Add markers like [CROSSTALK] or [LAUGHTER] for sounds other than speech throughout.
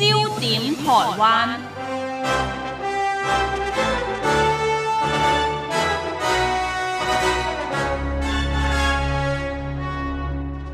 焦點台灣，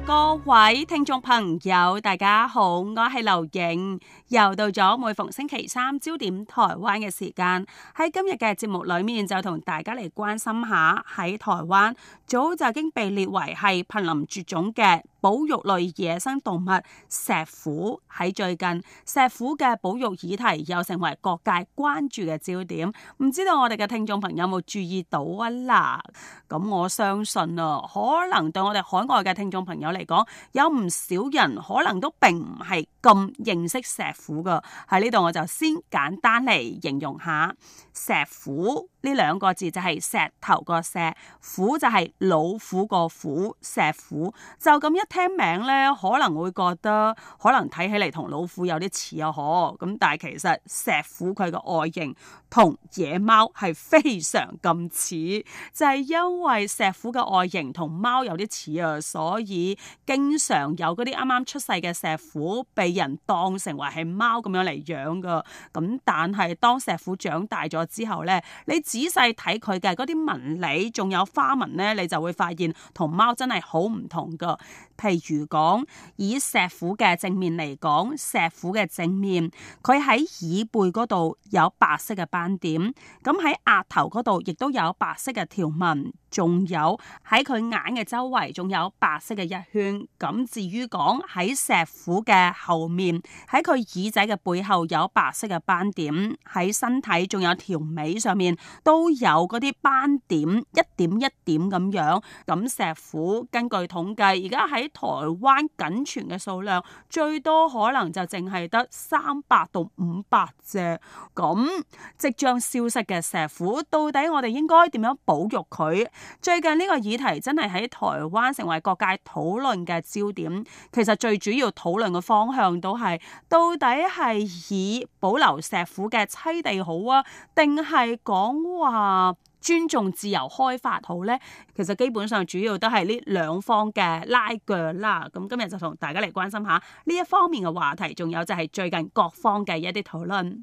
各位聽眾朋友，大家好，我係劉穎。又到咗每逢星期三焦點台灣嘅時間，喺今日嘅節目裏面就同大家嚟關心下喺台灣早就已經被列為係瀕臨絕種嘅保育類野生動物石虎，喺最近石虎嘅保育議題又成為各界關注嘅焦點，唔知道我哋嘅聽眾朋友有冇注意到啊，啦？咁我相信啊，可能對我哋海外嘅聽眾朋友嚟講，有唔少人可能都並唔係咁認識石虎。虎噶喺呢度，我就先簡單嚟形容下石虎。呢兩個字就係石頭個石，虎就係老虎個虎，石虎就咁一聽名呢，可能會覺得可能睇起嚟同老虎有啲似啊，嗬，咁，但係其實石虎佢個外形同野貓係非常咁似，就係因為石虎嘅外形同貓有啲似啊，所以經常有嗰啲啱啱出世嘅石虎被人當成為係貓咁樣嚟養噶。咁但係當石虎長大咗之後呢。你？仔細睇佢嘅嗰啲紋理，仲有花紋呢，你就會發現同貓真係好唔同噶。譬如講，以石虎嘅正面嚟講，石虎嘅正面，佢喺耳背嗰度有白色嘅斑點，咁喺額頭嗰度亦都有白色嘅條紋，仲有喺佢眼嘅周圍仲有白色嘅一圈。咁至於講喺石虎嘅後面，喺佢耳仔嘅背後有白色嘅斑點，喺身體仲有條尾上面。都有嗰啲斑點，一點一點咁樣，咁石虎根據統計而家喺台灣僅存嘅數量最多可能就淨係得三百到五百隻，咁即將消失嘅石虎，到底我哋應該點樣保育佢？最近呢個議題真係喺台灣成為各界討論嘅焦點，其實最主要討論嘅方向都係到底係以保留石虎嘅棲地好啊，定係講？話尊重自由開發好呢，其實基本上主要都係呢兩方嘅拉鋸啦。咁今日就同大家嚟關心下呢一方面嘅話題，仲有就係最近各方嘅一啲討論。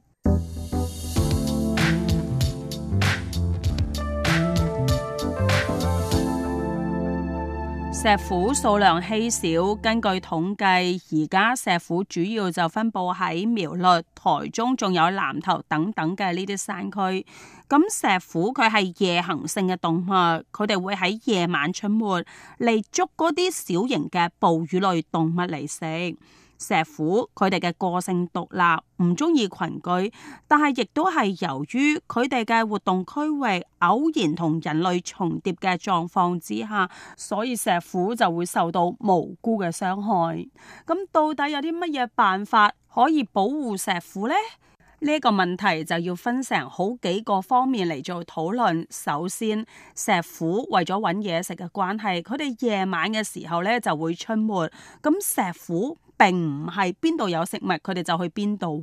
石虎數量稀少，根據統計，而家石虎主要就分布喺苗栗、台中，仲有南投等等嘅呢啲山區。咁石虎佢係夜行性嘅動物，佢哋會喺夜晚出沒嚟捉嗰啲小型嘅哺乳類動物嚟食。石虎佢哋嘅個性獨立，唔中意群居，但係亦都係由於佢哋嘅活動區域偶然同人類重疊嘅狀況之下，所以石虎就會受到無辜嘅傷害。咁到底有啲乜嘢辦法可以保護石虎呢？呢、呢個問題就要分成好幾個方面嚟做討論。首先，石虎為咗搵嘢食嘅關係，佢哋夜晚嘅時候咧就會出沒。咁石虎。並唔係邊度有食物佢哋就去邊度。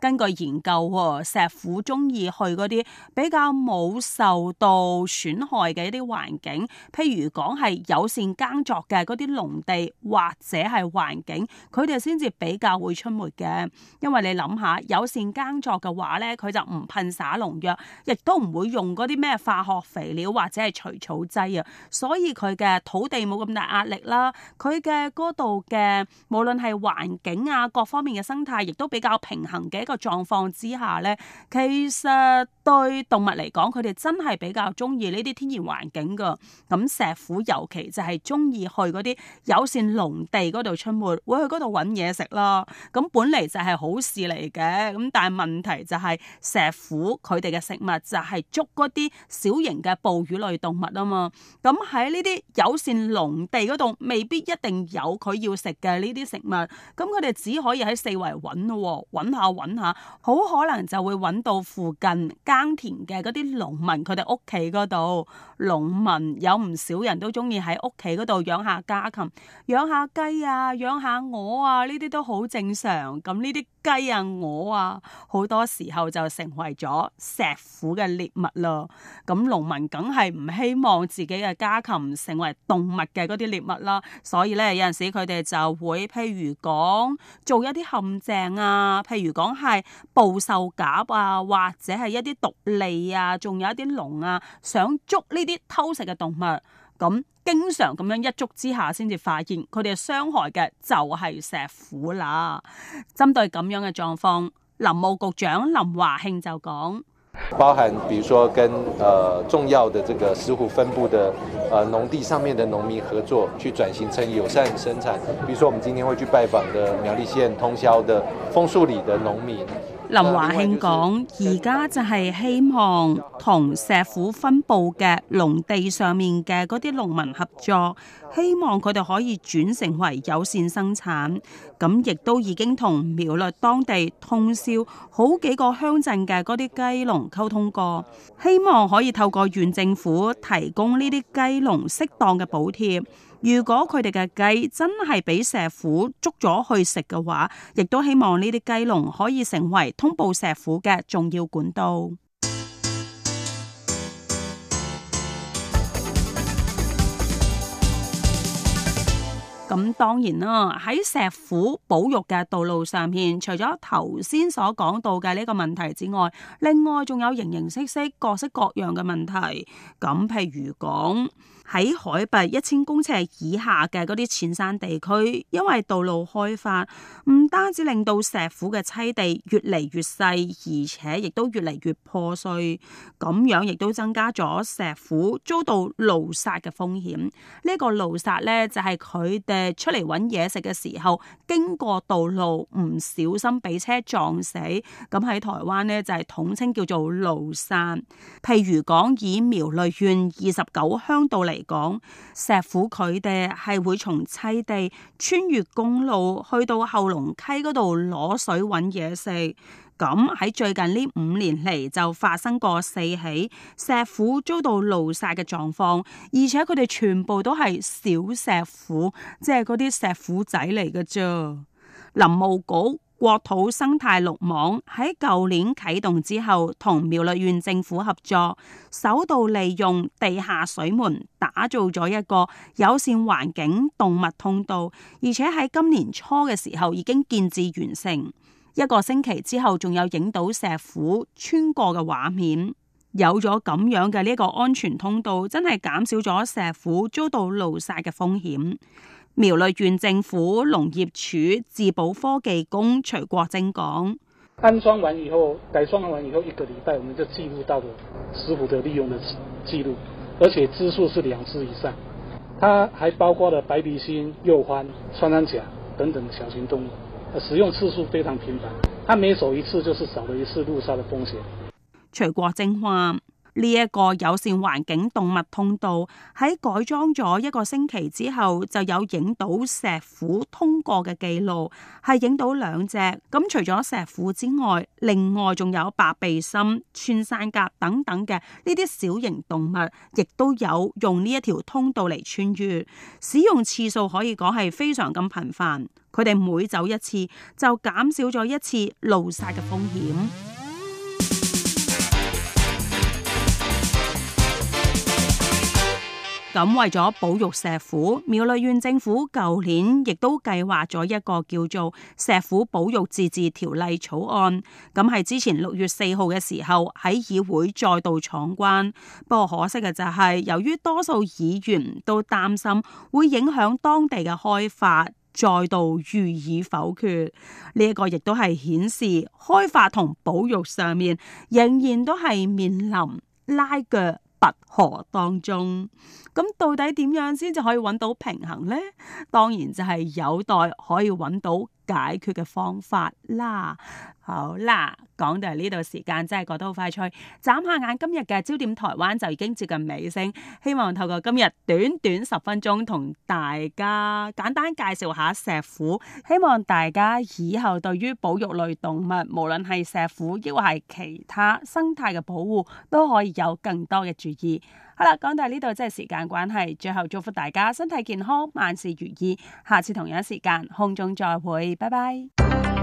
根據研究，石虎中意去嗰啲比較冇受到損害嘅一啲環境，譬如講係友善耕作嘅嗰啲農地或者係環境，佢哋先至比較會出沒嘅。因為你諗下，友善耕作嘅話咧，佢就唔噴灑農藥，亦都唔會用嗰啲咩化學肥料或者係除草劑啊，所以佢嘅土地冇咁大壓力啦。佢嘅嗰度嘅無論。係環境啊，各方面嘅生態亦都比較平衡嘅一個狀況之下咧，其實對動物嚟講，佢哋真係比較中意呢啲天然環境噶。咁石虎尤其就係中意去嗰啲友善農地嗰度出沒，會去嗰度揾嘢食啦。咁本嚟就係好事嚟嘅，咁但係問題就係石虎佢哋嘅食物就係捉嗰啲小型嘅哺乳類動物啊嘛。咁喺呢啲友善農地嗰度，未必一定有佢要食嘅呢啲食物。咁佢哋只可以喺四圍揾咯，揾下揾下，好可能就會揾到附近耕田嘅嗰啲農民，佢哋屋企嗰度，農民有唔少人都中意喺屋企嗰度養下家禽，養下雞啊，養下鵝啊，呢啲都好正常。咁呢啲。雞啊、鵝啊，好多時候就成為咗石虎嘅獵物咯。咁農民梗係唔希望自己嘅家禽成為動物嘅嗰啲獵物啦，所以咧有陣時佢哋就會，譬如講做一啲陷阱啊，譬如講係捕獸夾啊，或者係一啲毒利啊，仲有一啲籠啊，想捉呢啲偷食嘅動物咁。經常咁樣一捉之下，先至發現佢哋傷害嘅就係石虎啦。針對咁樣嘅狀況，林務局長林華慶就講：包含，比如說跟，誒、呃，重要的這個石虎分布的，誒、呃，農地上面嘅農民合作，去轉型成友善生產。比如說，我們今天會去拜訪的苗栗縣通霄的楓樹里的農民。林華慶講：而家就係希望同石虎分布嘅農地上面嘅嗰啲農民合作，希望佢哋可以轉成為有綫生產。咁亦都已經同苗栗當地通霄好幾個鄉鎮嘅嗰啲雞農溝通過，希望可以透過縣政府提供呢啲雞農適當嘅補貼。如果佢哋嘅雞真係俾石虎捉咗去食嘅話，亦都希望呢啲雞籠可以成為通報石虎嘅重要管道。咁 [MUSIC] 當然啦，喺石虎保育嘅道路上面，除咗頭先所講到嘅呢個問題之外，另外仲有形形色色、各式各樣嘅問題。咁譬如講。喺海拔一千公尺以下嘅嗰啲淺山地區，因為道路開發，唔單止令到石虎嘅棲地越嚟越細，而且亦都越嚟越破碎，咁樣亦都增加咗石虎遭到路殺嘅風險。呢、呢個路殺咧，就係佢哋出嚟揾嘢食嘅時候，經過道路唔小心俾車撞死。咁喺台灣咧，就係、是、統稱叫做路殺。譬如講以苗栗縣二十九鄉道嚟嚟講，石虎佢哋係會從棲地穿越公路去到後龍溪嗰度攞水搵嘢食。咁喺最近呢五年嚟就發生過四起石虎遭到路殺嘅狀況，而且佢哋全部都係小石虎，即係嗰啲石虎仔嚟嘅啫。林務局。國土生態綠網喺舊年啟動之後，同苗栗縣政府合作，首度利用地下水門打造咗一個友善環境動物通道，而且喺今年初嘅時候已經建置完成。一個星期之後，仲有影到石虎穿過嘅畫面。有咗咁樣嘅呢個安全通道，真係減少咗石虎遭到路殺嘅風險。苗栗縣政府農業處治保科技工徐國正講：安裝完以後，改裝完以後一個禮拜，我們就記錄到了食物的利用的記錄，而且支數是兩次以上。它還包括了白鼻星、幼獾、穿山甲等等小型動物，使用次數非常頻繁。它每走一次，就是少了一次入沙的風險。徐國正話。呢一個友善環境動物通道喺改裝咗一個星期之後，就有影到石虎通過嘅記錄，係影到兩隻。咁除咗石虎之外，另外仲有白鼻心、穿山甲等等嘅呢啲小型動物，亦都有用呢一條通道嚟穿越。使用次數可以講係非常咁頻繁，佢哋每走一次就減少咗一次路殺嘅風險。咁為咗保育石虎，苗栗縣政府舊年亦都計劃咗一個叫做《石虎保育自治條例》草案。咁係之前六月四號嘅時候喺議會再度闖關，不過可惜嘅就係由於多數議員都擔心會影響當地嘅開發，再度予以否決。呢、這、一個亦都係顯示開發同保育上面仍然都係面臨拉鋸。拔河當中，咁到底點樣先至可以揾到平衡咧？當然就係有待可以揾到。解決嘅方法啦，好啦，講到呢度時間真係過得好快脆，眨下眼今日嘅焦點台灣就已經接近尾聲。希望透過今日短短十分鐘同大家簡單介紹下石虎，希望大家以後對於保育類動物，無論係石虎抑或係其他生態嘅保護，都可以有更多嘅注意。好啦，講到呢度，真係時間關係，最後祝福大家身體健康，萬事如意。下次同樣時間，空中再會，拜拜。